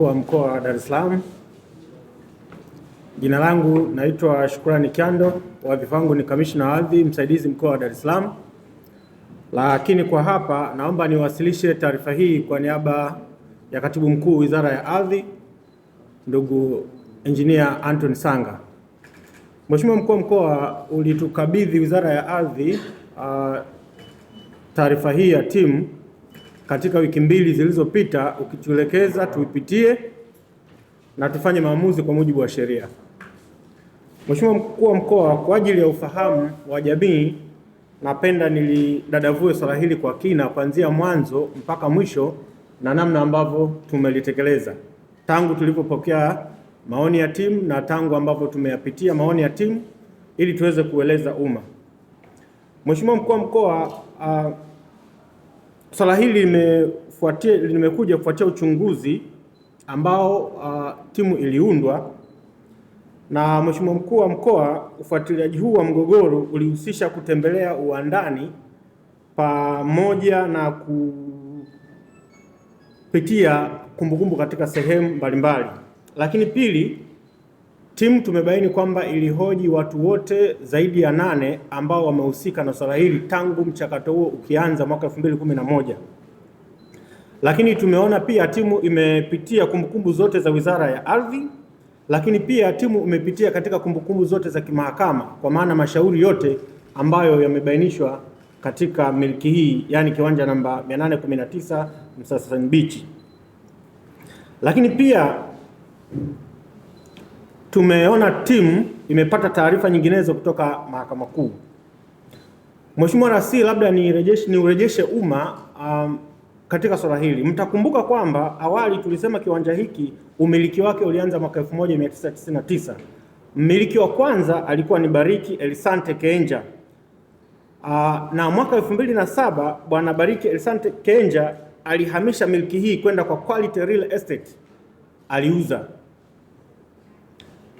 wa mkoa wa Dar es Salaam. Jina langu naitwa Shukrani Kyando, wadhifa wangu ni kamishna wa ardhi msaidizi mkoa wa Dar es Salaam. Lakini kwa hapa naomba niwasilishe taarifa hii kwa niaba ya katibu mkuu Wizara ya Ardhi, ndugu Engineer Anton Sanga. Mheshimiwa mkuu wa mkoa, ulitukabidhi Wizara ya Ardhi uh, taarifa hii ya timu katika wiki mbili zilizopita, ukituelekeza tuipitie na tufanye maamuzi kwa mujibu wa sheria. Mheshimiwa Mkuu wa Mkoa, kwa ajili ya ufahamu wa jamii, napenda nilidadavue swala hili kwa kina kuanzia mwanzo mpaka mwisho na namna ambavyo tumelitekeleza tangu tulipopokea maoni ya timu na tangu ambavyo tumeyapitia maoni ya timu ili tuweze kueleza umma. Mheshimiwa Mkuu wa Mkoa, uh, Swala hili limefuatia limekuja kufuatia uchunguzi ambao uh, timu iliundwa na Mheshimiwa Mkuu wa Mkoa. Ufuatiliaji huu wa mgogoro ulihusisha kutembelea uwandani pamoja na kupitia kumbukumbu katika sehemu mbalimbali, lakini pili Timu tumebaini kwamba ilihoji watu wote zaidi ya nane ambao wamehusika na swala hili tangu mchakato huo ukianza mwaka 2011. Lakini tumeona pia timu imepitia kumbukumbu zote za Wizara ya Ardhi, lakini pia timu imepitia katika kumbukumbu zote za kimahakama, kwa maana mashauri yote ambayo yamebainishwa katika miliki hii, yani kiwanja namba 819 Msasani Beach. Lakini pia tumeona timu imepata taarifa nyinginezo kutoka mahakama kuu. Mheshimiwa Rasi, labda ni niurejeshe umma um, katika swala hili. Mtakumbuka kwamba awali tulisema kiwanja hiki umiliki wake ulianza mwaka 1999. Mmiliki wa kwanza alikuwa ni Bariki Elisante Kenja. Aa, uh, na mwaka 2007 bwana Bariki Elisante Kenja alihamisha miliki hii kwenda kwa Quality Real Estate aliuza.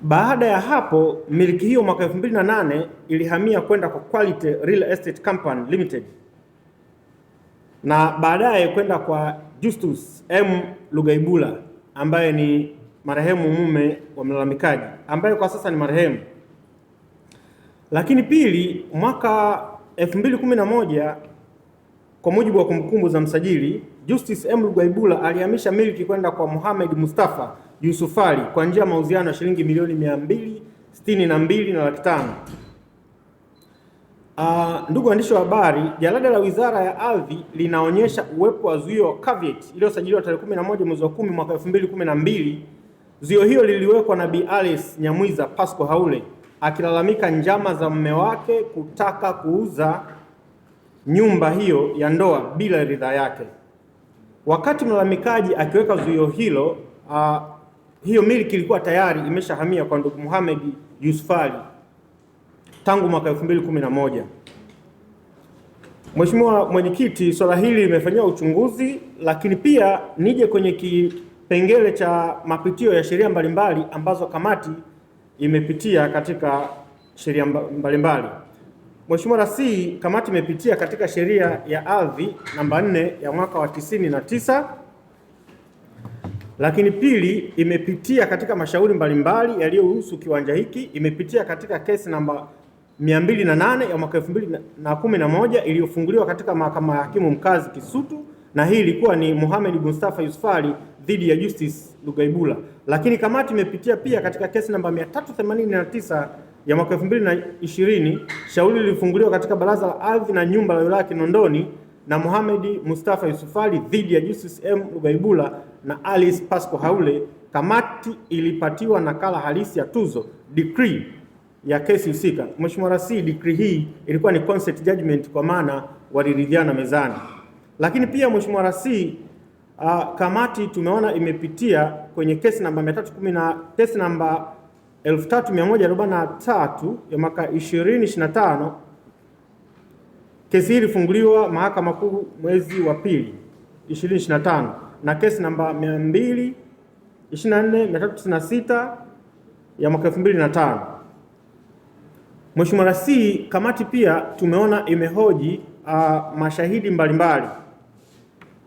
Baada ya hapo miliki hiyo mwaka 2008 ilihamia kwenda kwa Quality Real Estate Company Limited na baadaye kwenda kwa Justus M Lugaibula ambaye ni marehemu mume wa mlalamikaji ambaye kwa sasa ni marehemu. Lakini pili, mwaka 2011 kwa mujibu wa kumbukumbu za msajili, Justus M Lugaibula alihamisha miliki kwenda kwa Mohamed Mustafa Yusuf Ali kwa njia ya mauziano ya shilingi milioni mia mbili sitini na mbili na laki tano. Uh, ndugu waandishi wa habari, jalada la Wizara ya Ardhi linaonyesha uwepo wa zuio wa caveat iliyosajiliwa tarehe 11 mwezi wa 10 mwaka 2012. Zuio hiyo liliwekwa na Bi Alice Nyamwiza Pasco Haule akilalamika njama za mume wake kutaka kuuza nyumba hiyo ya ndoa bila ridhaa yake. Wakati mlalamikaji akiweka zuio hilo, uh, hiyo miliki ilikuwa tayari imeshahamia kwa ndugu Mohamed yusufali tangu mwaka 2011. Mheshimiwa Mwenyekiti, swala hili limefanyiwa uchunguzi, lakini pia nije kwenye kipengele cha mapitio ya sheria mbalimbali ambazo kamati imepitia katika sheria mbalimbali. Mheshimiwa Rasii, kamati imepitia katika sheria ya ardhi namba 4 ya mwaka wa tisini na tisa lakini pili, imepitia katika mashauri mbalimbali yaliyohusu kiwanja hiki, imepitia katika kesi namba 208 ya mwaka 2011 iliyofunguliwa katika mahakama ya hakimu mkazi Kisutu, na hii ilikuwa ni Mohamed Mustafa Yusufali dhidi ya Justice Lugaibula. Lakini kamati imepitia pia katika kesi namba 389 ya mwaka 2020, shauri lilifunguliwa katika baraza la ardhi na nyumba la wilaya Kinondoni na Mohamed Mustafa Yusufali dhidi ya Justus M. Rugaibula na Alice Pasco Haule. Kamati ilipatiwa nakala halisi ya tuzo decree ya kesi husika. Mheshimiwa Rasi, decree hii ilikuwa ni consent judgment kwa maana waliridhiana mezani, lakini pia Mheshimiwa Rasi uh, kamati tumeona imepitia kwenye kesi namba 310 kesi namba 3143 ya mwaka 2025 Kesi hii ilifunguliwa Mahakama Kuu mwezi wa pili 2025 na kesi namba 224/396 ya mwaka 2005. Mheshimiwa Rais, kamati pia tumeona imehoji uh, mashahidi mbalimbali mbali.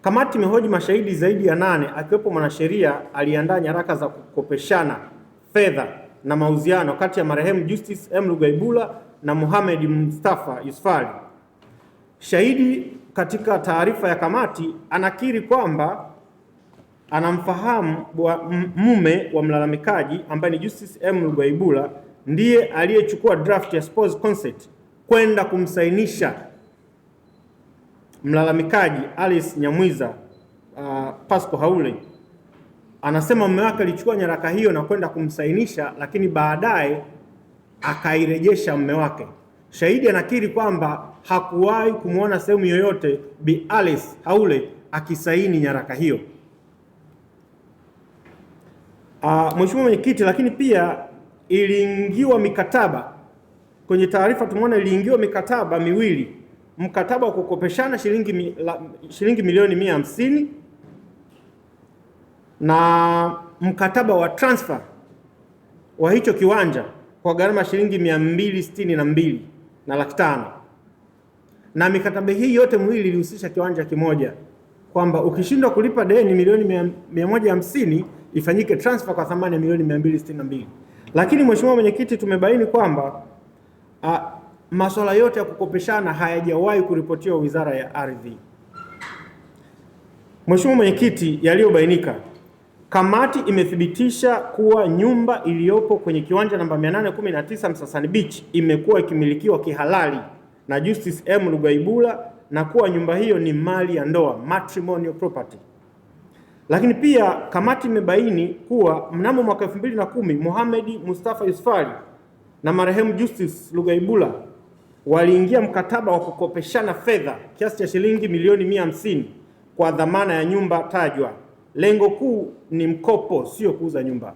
Kamati imehoji mashahidi zaidi ya nane akiwepo mwanasheria aliandaa nyaraka za kukopeshana fedha na mauziano kati ya marehemu Justice M. Lugaibula na Mohamed Mustafa Yusufali Shahidi katika taarifa ya kamati anakiri kwamba anamfahamu mume wa mlalamikaji ambaye ni Justice M. Rugwaibura ndiye aliyechukua draft ya spouse consent kwenda kumsainisha mlalamikaji Alice Nyamwiza uh, Pasco Haule. Anasema mume wake alichukua nyaraka hiyo na kwenda kumsainisha, lakini baadaye akairejesha mume wake. Shahidi anakiri kwamba hakuwahi kumwona sehemu yoyote Bi Alice Haule akisaini nyaraka hiyo. Uh, Mheshimiwa Mwenyekiti, lakini pia iliingiwa mikataba kwenye taarifa tumeona iliingiwa mikataba miwili, mkataba wa kukopeshana shilingi, shilingi milioni mia hamsini na mkataba wa transfer wa hicho kiwanja kwa gharama shilingi mia mbili sitini na mbili na laki tano na mikataba hii yote miwili ilihusisha kiwanja kimoja, kwamba ukishindwa kulipa deni milioni 150 ifanyike transfer kwa thamani ya milioni 262. Lakini mheshimiwa mwenyekiti, tumebaini kwamba a, masuala yote ya kukopeshana hayajawahi kuripotiwa Wizara ya Ardhi. Mheshimiwa mwenyekiti, yaliyobainika kamati imethibitisha kuwa nyumba iliyopo kwenye kiwanja namba 819 Msasani Beach imekuwa ikimilikiwa kihalali na Justice M Lugaibula na kuwa nyumba hiyo ni mali ya ndoa matrimonial property. Lakini pia kamati imebaini kuwa mnamo mwaka 2010 Mohamed Mustafa Yusufali na marehemu Justice Lugaibula waliingia mkataba wa kukopeshana fedha kiasi cha shilingi milioni mia hamsini kwa dhamana ya nyumba tajwa. Lengo kuu ni mkopo, sio kuuza nyumba.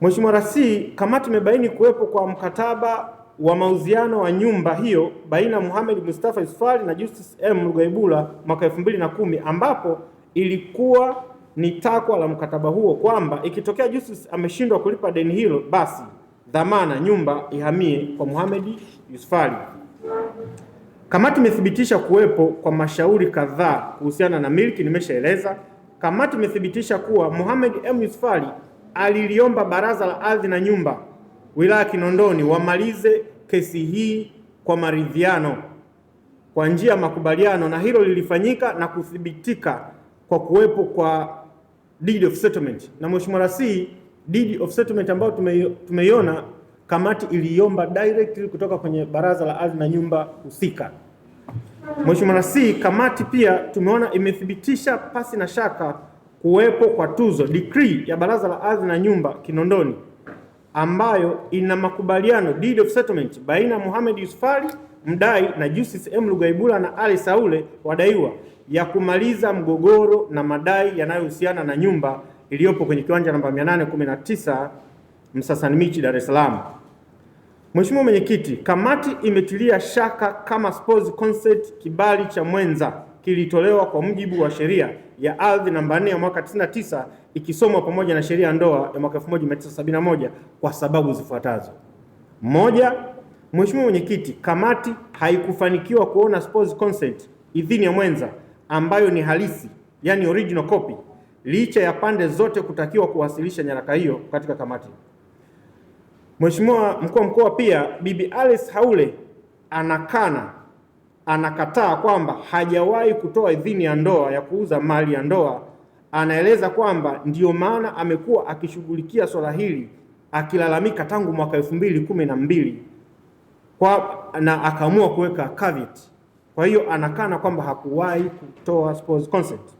Mheshimiwa Rais, kamati imebaini kuwepo kwa mkataba wa mauziano wa nyumba hiyo baina ya Mohamed Mustafa Isfari na Justice M Rugaibula mwaka elfu mbili na kumi ambapo ilikuwa ni takwa la mkataba huo kwamba ikitokea Justice ameshindwa kulipa deni hilo, basi dhamana nyumba ihamie kwa Muhammad Isfari. Kamati imethibitisha kuwepo kwa mashauri kadhaa kuhusiana na miliki, nimeshaeleza. Kamati imethibitisha kuwa Muhammad M Isfari aliliomba baraza la ardhi na nyumba wilaya Kinondoni wamalize kesi hii kwa maridhiano kwa njia ya makubaliano, na hilo lilifanyika na kuthibitika kwa kuwepo kwa deed of settlement na Mheshimiwa Rais, deed of settlement ambayo tumeiona kamati iliomba directly kutoka kwenye baraza la ardhi na nyumba husika. Mheshimiwa Rais, kamati pia tumeona imethibitisha pasi na shaka kuwepo kwa tuzo decree ya baraza la ardhi na nyumba Kinondoni ambayo ina makubaliano deed of settlement baina ya Mohamed Yusuf Ali mdai na Justice M Lugaibula na Ali Saule wadaiwa ya kumaliza mgogoro na madai yanayohusiana na nyumba iliyopo kwenye kiwanja namba 819 Msasani Michi, Dar es Salaam. Mheshimiwa Mwenyekiti, kamati imetilia shaka kama Sports Concert kibali cha mwenza kilitolewa kwa mujibu wa sheria ya ardhi namba 4 ya mwaka 99 ikisomwa pamoja na sheria ya ndoa ya mwaka 1971 kwa sababu zifuatazo. Moja, Mheshimiwa Mwenyekiti, kamati haikufanikiwa kuona spouse consent, idhini ya mwenza ambayo ni halisi, yani original copy, licha ya pande zote kutakiwa kuwasilisha nyaraka hiyo katika kamati. Mheshimiwa mkuu wa mkoa, pia Bibi Alice Haule anakana anakataa kwamba hajawahi kutoa idhini ya ndoa ya kuuza mali ya ndoa. Anaeleza kwamba ndiyo maana amekuwa akishughulikia swala hili akilalamika tangu mwaka elfu mbili kumi na mbili kwa na akaamua kuweka caveat. Kwa hiyo anakana kwamba hakuwahi kutoa spouse consent.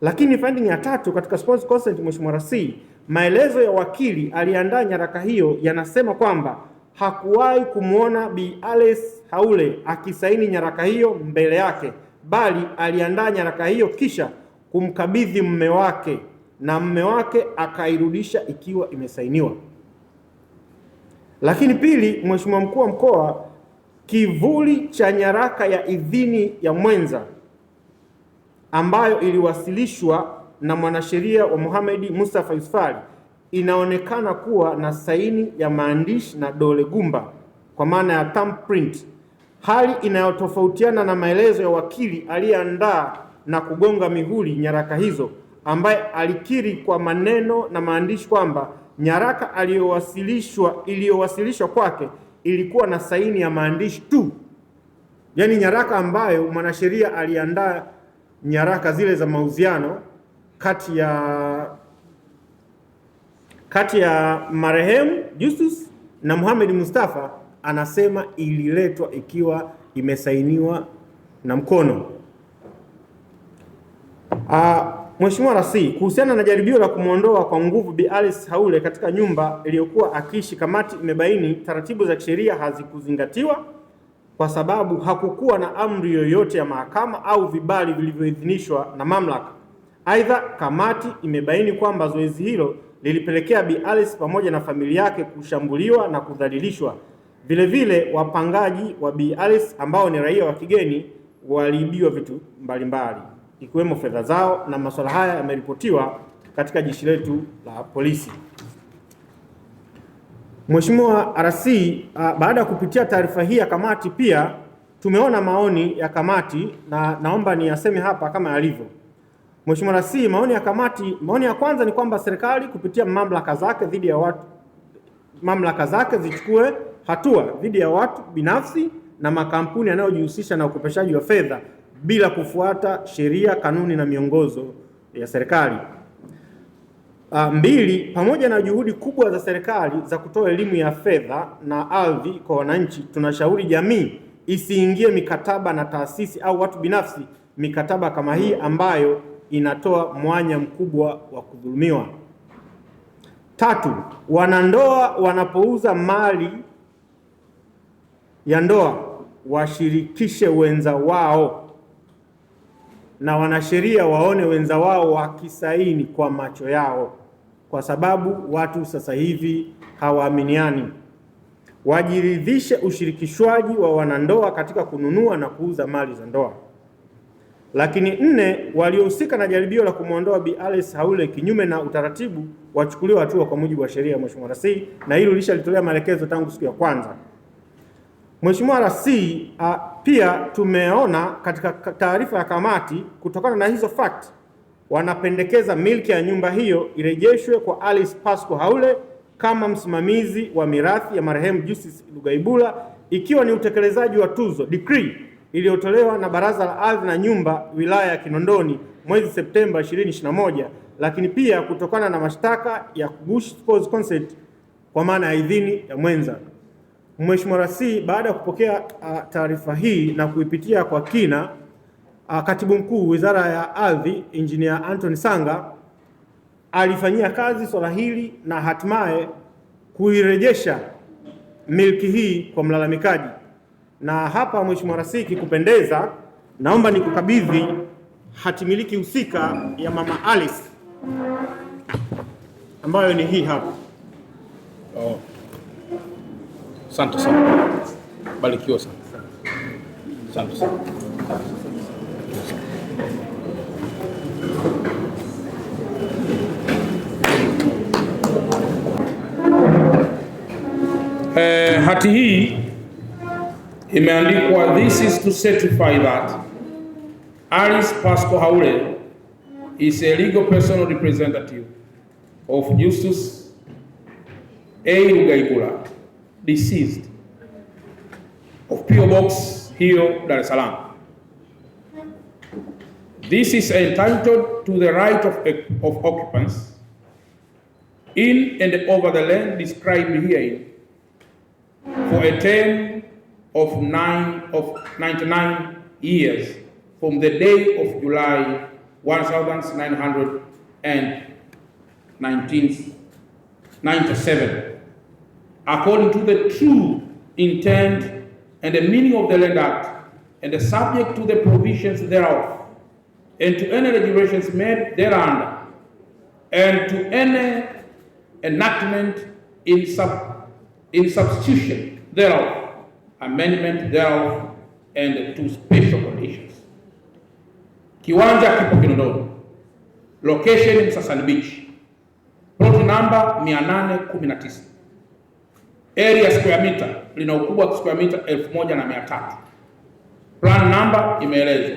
Lakini finding ya tatu katika spouse consent, Mheshimiwa Rasi, maelezo ya wakili aliandaa nyaraka hiyo yanasema kwamba hakuwahi kumwona Bi Alice haule akisaini nyaraka hiyo mbele yake, bali aliandaa nyaraka hiyo kisha kumkabidhi mme wake na mme wake akairudisha ikiwa imesainiwa. Lakini pili, Mheshimiwa Mkuu wa Mkoa, kivuli cha nyaraka ya idhini ya mwenza ambayo iliwasilishwa na mwanasheria wa Mohamed Mustafa Yusufali inaonekana kuwa na saini ya maandishi na dole gumba kwa maana ya thumbprint hali inayotofautiana na maelezo ya wakili aliyeandaa na kugonga mihuri nyaraka hizo ambaye alikiri kwa maneno na maandishi kwamba nyaraka aliyowasilishwa iliyowasilishwa kwake ilikuwa na saini ya maandishi tu, yaani nyaraka ambayo mwanasheria aliandaa nyaraka zile za mauziano kati ya kati ya marehemu Justus na Mohamed Mustafa anasema ililetwa ikiwa imesainiwa na mkono. Ah, Mheshimiwa rasi kuhusiana na jaribio la kumwondoa kwa nguvu Bi Alice Haule katika nyumba iliyokuwa akiishi, kamati imebaini taratibu za kisheria hazikuzingatiwa kwa sababu hakukuwa na amri yoyote ya mahakama au vibali vilivyoidhinishwa na mamlaka. Aidha, kamati imebaini kwamba zoezi hilo lilipelekea Bi Alice pamoja na familia yake kushambuliwa na kudhalilishwa. Vilevile wapangaji wa Bi Alice ambao ni raia wa kigeni waliibiwa vitu mbalimbali ikiwemo fedha zao, na masuala haya yameripotiwa katika jeshi letu la polisi. Mheshimiwa RC, ah, baada ya kupitia taarifa hii ya kamati, pia tumeona maoni ya kamati na naomba ni yaseme hapa kama yalivyo. Mheshimiwa RC, maoni ya kamati, maoni ya kwanza ni kwamba serikali kupitia mamlaka zake dhidi ya watu, mamlaka zake zichukue hatua dhidi ya watu binafsi na makampuni yanayojihusisha na ukopeshaji wa fedha bila kufuata sheria, kanuni na miongozo ya serikali. Ah, mbili, pamoja na juhudi kubwa za serikali za kutoa elimu ya fedha na ardhi kwa wananchi, tunashauri jamii isiingie mikataba na taasisi au watu binafsi mikataba kama hii ambayo inatoa mwanya mkubwa wa kudhulumiwa. Tatu, wanandoa wanapouza mali ya ndoa washirikishe wenza wao na wanasheria waone wenza wao wakisaini kwa macho yao, kwa sababu watu sasa hivi hawaaminiani. Wajiridhishe ushirikishwaji wa wanandoa katika kununua na kuuza mali za ndoa. Lakini nne, waliohusika na jaribio la kumwondoa Bi Alice Haule kinyume na utaratibu wachukuliwe hatua kwa mujibu wa sheria ya Mheshimiwa Rais, na hilo lishalitolea maelekezo tangu siku ya kwanza. Mheshimiwa Rasi uh, pia tumeona katika taarifa ya kamati, kutokana na hizo fact, wanapendekeza milki ya nyumba hiyo irejeshwe kwa Alice Pasco Haule kama msimamizi wa mirathi ya marehemu Justice Lugaibula ikiwa ni utekelezaji wa tuzo decree iliyotolewa na Baraza la Ardhi na Nyumba wilaya ya Kinondoni mwezi Septemba 2021, lakini pia kutokana na mashtaka ya kughushi spoils consent kwa maana ya idhini ya mwenza. Mheshimiwa Rais baada ya kupokea ah, taarifa hii na kuipitia kwa kina, ah, Katibu Mkuu Wizara ya Ardhi Engineer anton Sanga alifanyia kazi swala hili na hatimaye kuirejesha milki hii kwa mlalamikaji. Na hapa Mheshimiwa Rais, kikupendeza naomba nikukabidhi hatimiliki husika ya Mama Alice ambayo ni hii hapa oh. Asante sana, barikiwa sana, asante sana. Eh, hati hii imeandikwa this is to certify that Alice Pasco Haule is a legal personal representative of Justus A. Rugaigula deceased of PO Box here Dar es Salaam. This is entitled to the right of, of occupants in and over the land described herein for a term of nine of 99 years from the day of July 1997 according to the true intent and the meaning of the Land Act and the subject to the provisions thereof and to any regulations made thereunder and to any enactment in, sub, in substitution thereof, amendment thereof and to special conditions. Kiwanja kipo Kinondoni, location Msasani Beach, plot number 819 area square meter lina ukubwa wa square meter elfu moja na mia tatu. Plan number imeelezwa,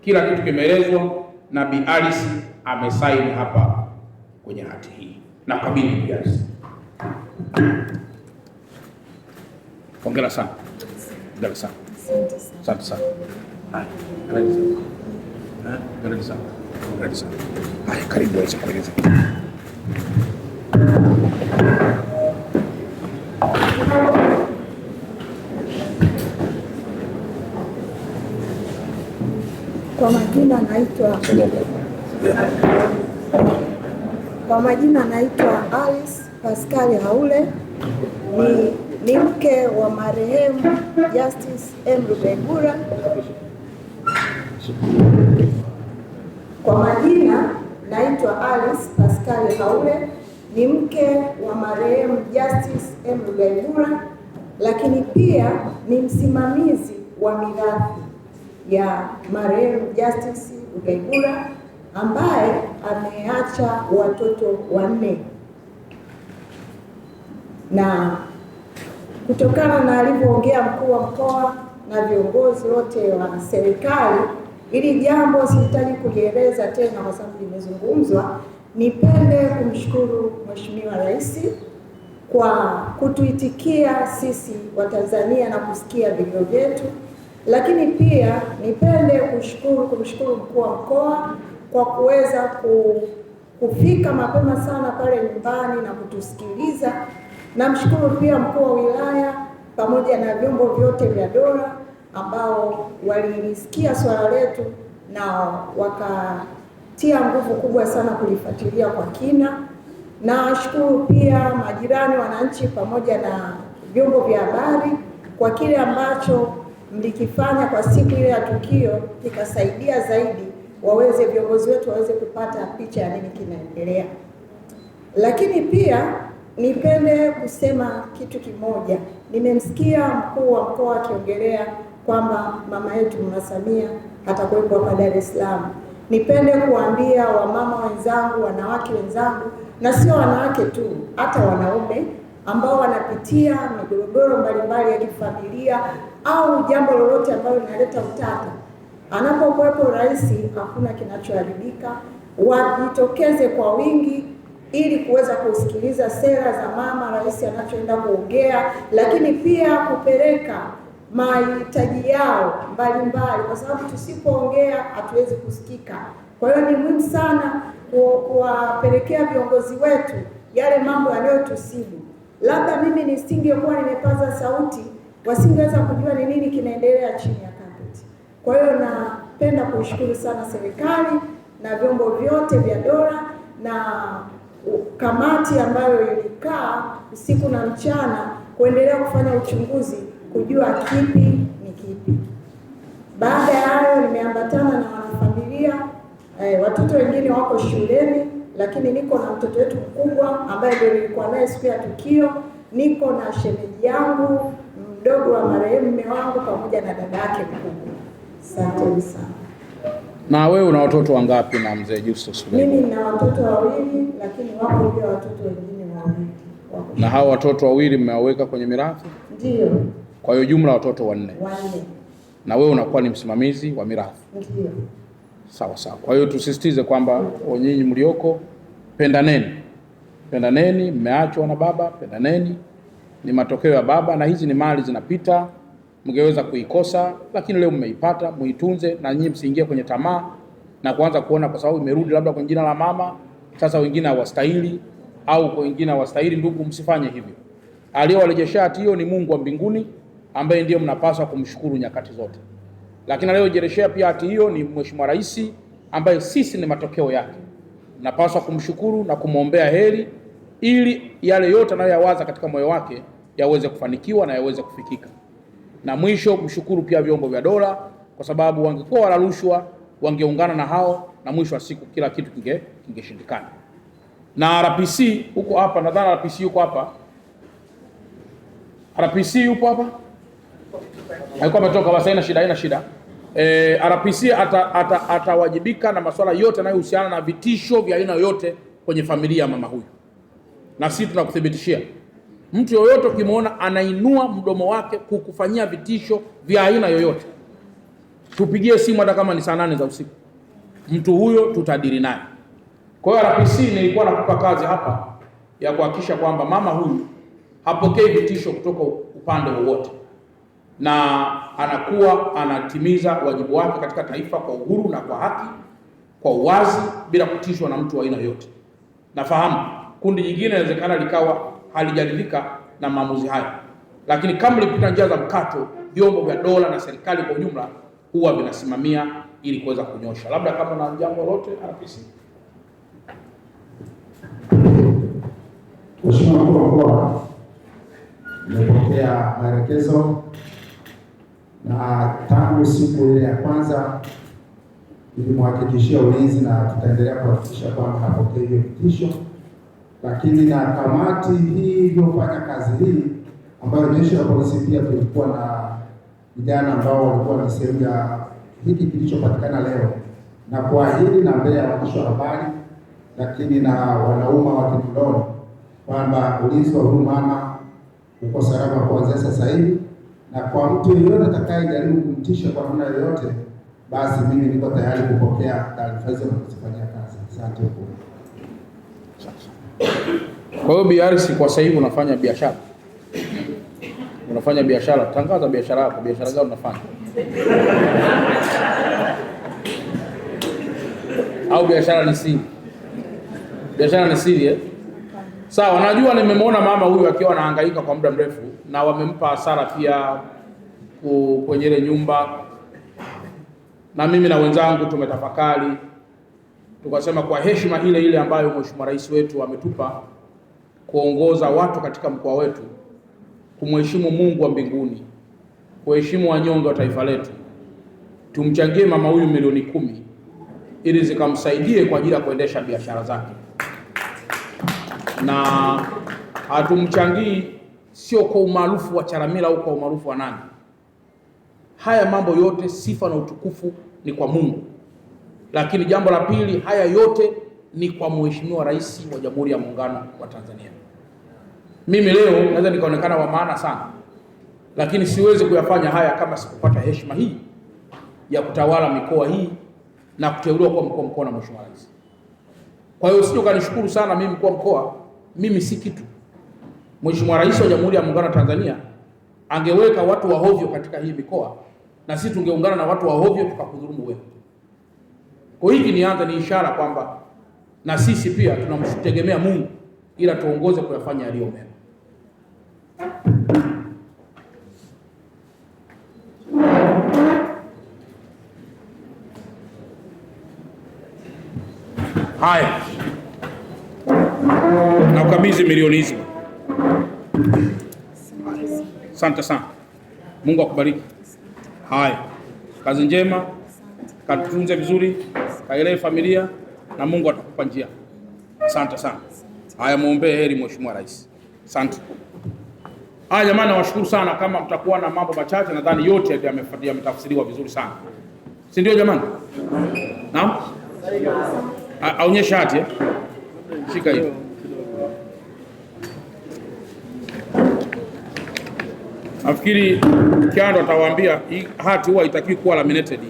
kila kitu kimeelezwa na Bi Alice amesaini hapa kwenye hati hii na kabili Bi Alice. Hongera sana. Hongera sana. Asante sana. Haya, karibu sana. karibu kueleza. Kwa majina naitwa kwa majina naitwa Alice Pascal Haule, ni, ni mke wa marehemu Justice M. Rubengura. Kwa majina naitwa Alice Pascal Haule, ni mke wa marehemu Justice M. Rubengura, lakini pia ni msimamizi wa mirathi ya marehemu Justice Rugaigula ambaye ameacha watoto wanne na kutokana na alivyoongea mkuu wa mkoa na viongozi wote wa serikali, ili jambo sihitaji kulieleza tena kwa sababu limezungumzwa. Nipende kumshukuru Mheshimiwa Rais kwa kutuitikia sisi Watanzania na kusikia vilio vyetu. Lakini pia nipende kushukuru kumshukuru mkuu wa mkoa kwa kuweza ku, kufika mapema sana pale nyumbani na kutusikiliza. Namshukuru pia mkuu wa wilaya pamoja na vyombo vyote vya dola ambao walisikia swala letu na wakatia nguvu kubwa sana kulifuatilia kwa kina. Nashukuru pia majirani, wananchi pamoja na vyombo vya habari kwa kile ambacho mlikifanya kwa siku ile ya tukio ikasaidia zaidi waweze viongozi wetu waweze kupata picha ya nini kinaendelea. Lakini pia nipende kusema kitu kimoja. Nimemsikia mkuu wa mkoa akiongelea kwamba mama yetu Mama Samia atakuwepo hapa Dar es Salaam. Nipende kuambia wamama wenzangu, wanawake wenzangu, na sio wanawake tu, hata wanaume ambao wanapitia migogoro mbalimbali ya kifamilia au jambo lolote ambalo linaleta utata, anapokuwepo rais, hakuna kinachoharibika. Wajitokeze kwa wingi ili kuweza kusikiliza sera za mama rais anachoenda kuongea, lakini pia kupeleka mahitaji yao mbalimbali, kwa sababu tusipoongea hatuwezi kusikika. Kwa hiyo ni muhimu sana kuwapelekea viongozi wetu yale mambo yanayotusibu labda mimi nisingekuwa nimepaza sauti, wasingeweza kujua ni nini kinaendelea chini ya kapeti. Kwa hiyo napenda kuishukuru sana serikali na vyombo vyote vya dola na kamati ambayo ilikaa usiku na mchana kuendelea kufanya uchunguzi kujua kipi ni kipi. Baada ya hayo, nimeambatana na wanafamilia eh, watoto wengine wako shuleni lakini niko na mtoto wetu mkubwa ambaye ndio nilikuwa naye siku ya tukio, niko na shemeji yangu mdogo wa marehemu mume wangu pamoja na dada yake mkubwa. Asanteni sana. Na wewe una watoto wangapi na mzee Justo Suleiman? Mimi nina watoto wawili, lakini wapo pia watoto wengine wawili. Na hao watoto wawili mmewaweka kwenye mirathi? Ndio. Kwa hiyo jumla watoto wanne. Wanne. Na wewe unakuwa ni msimamizi wa mirathi? Ndio sawa sawa. Kwa hiyo tusisitize kwamba nyinyi mlioko, pendaneni, pendaneni. Mmeachwa na baba, pendaneni, ni matokeo ya baba, na hizi ni mali zinapita, mngeweza kuikosa, lakini leo mmeipata, muitunze na nyinyi msiingie kwenye tamaa na kuanza kuona kwa sababu imerudi labda kwenye jina la mama, sasa wengine hawastahili au wengine hawastahili. Ndugu, msifanye hivyo. Aliyowarejesha hati hiyo ni Mungu wa mbinguni ambaye ndiyo mnapaswa kumshukuru nyakati zote. Lakini aliyojereshea pia hati hiyo ni Mheshimiwa Rais ambaye sisi ni matokeo yake, napaswa kumshukuru na kumwombea heri ili yale yote anayoyawaza katika moyo wake yaweze kufanikiwa na yaweze kufikika. Na mwisho mshukuru pia vyombo vya dola kwa sababu wangekuwa wala rushwa wangeungana na hao, na mwisho wa siku kila kitu kingeshindikana. na RPC huko hapa, nadhani RPC yuko hapa, RPC yupo hapa alikuwa ametoka basi, haina shida, haina shida. Eh, RPC atawajibika ata, ata na masuala yote yanayohusiana na vitisho vya aina yoyote kwenye familia ya mama huyu, na sisi tunakuthibitishia mtu yoyote ukimwona anainua mdomo wake kukufanyia vitisho vya aina yoyote, tupigie simu, hata kama ni saa nane za usiku, mtu huyo tutadiri naye. Kwa hiyo RPC, nilikuwa nakupa kazi hapa ya kuhakikisha kwamba mama huyu hapokei vitisho kutoka upande wowote na anakuwa anatimiza wajibu wake katika taifa kwa uhuru na kwa haki, kwa uwazi, bila kutishwa na mtu wa aina yoyote. Nafahamu kundi jingine inawezekana likawa halijaridhika na maamuzi hayo, lakini kama lipita njia za mkato, vyombo vya dola na serikali kwa ujumla huwa vinasimamia ili kuweza kunyosha. Labda kama na jambo lolote RPC. Mheshimiwa Mkuu wa Mkoa, nimepokea maelekezo na tangu siku ile ya kwanza nilimhakikishia ulinzi na tutaendelea kuhakikisha kwamba hapokee hiyo kitisho. Lakini na kamati hii iliyofanya kazi hii ambayo jeshi la polisi pia tulikuwa na vijana ambao walikuwa na sehemu ya hiki kilichopatikana leo na kuahidi na mbele ya waandishi wa habari, lakini na wanauma wa Kinondoni kwamba ulinzi wa huyu mama uko salama kuanzia sasa hivi na kwa mtu yeyote atakayejaribu kumtisha kwa namna yoyote, basi mimi niko tayari kupokea taarifa hizo na kuzifanyia kazi. Asante. Kwa hiyo BRC, kwa sasa hivi unafanya biashara, unafanya biashara, tangaza biashara yako. Biashara gani unafanya? au biashara ni siri? Biashara ni siri eh? Sawa, najua nimemwona mama huyu akiwa anahangaika kwa muda mrefu na wamempa hasara pia kwenye ile nyumba, na mimi na wenzangu tumetafakari tukasema, kwa heshima ile ile ambayo Mheshimiwa Rais wetu ametupa kuongoza watu katika mkoa wetu, kumheshimu Mungu wa mbinguni, kuheshimu wanyonge wa taifa letu, tumchangie mama huyu milioni kumi ili zikamsaidie kwa ajili ya kuendesha biashara zake na hatumchangii sio kwa umaarufu wa charamila au kwa umaarufu wa nani. Haya mambo yote, sifa na utukufu ni kwa Mungu. Lakini jambo la pili, haya yote ni kwa Mheshimiwa Rais wa Jamhuri ya Muungano wa Tanzania. Mimi leo naweza nikaonekana wa maana sana, lakini siwezi kuyafanya haya kama sikupata heshima hii ya kutawala mikoa hii na kuteuliwa kuwa mkuu wa mkoa na Mheshimiwa Rais. Kwa hiyo usije ukanishukuru sana mimi mkuu wa mkoa mimi si kitu. Mheshimiwa Rais wa Jamhuri ya Muungano wa Tanzania angeweka watu wa hovyo katika hii mikoa na sisi tungeungana na watu wa hovyo tukakudhulumu wewe. Kwa hivi nianza, ni ishara kwamba na sisi pia tunamtegemea Mungu, ila tuongoze kuyafanya yaliyo mema. Haya na ukabidhi milioni hizo. Asante sana, Mungu akubariki. Haya, kazi njema, katunze vizuri, kaelewe familia na Mungu atakupa njia. Asante sana. Haya, muombee heri Mheshimiwa Rais. Asante. Haya jamani, nawashukuru sana. Kama mtakuwa na mambo machache, nadhani yote yametafsiriwa vizuri sana, si ndio jamani? Naam, aonyesha hati eh? Shika hiyo. Nafikiri Kyando atawaambia hati huwa itakiwi kuwa laminated.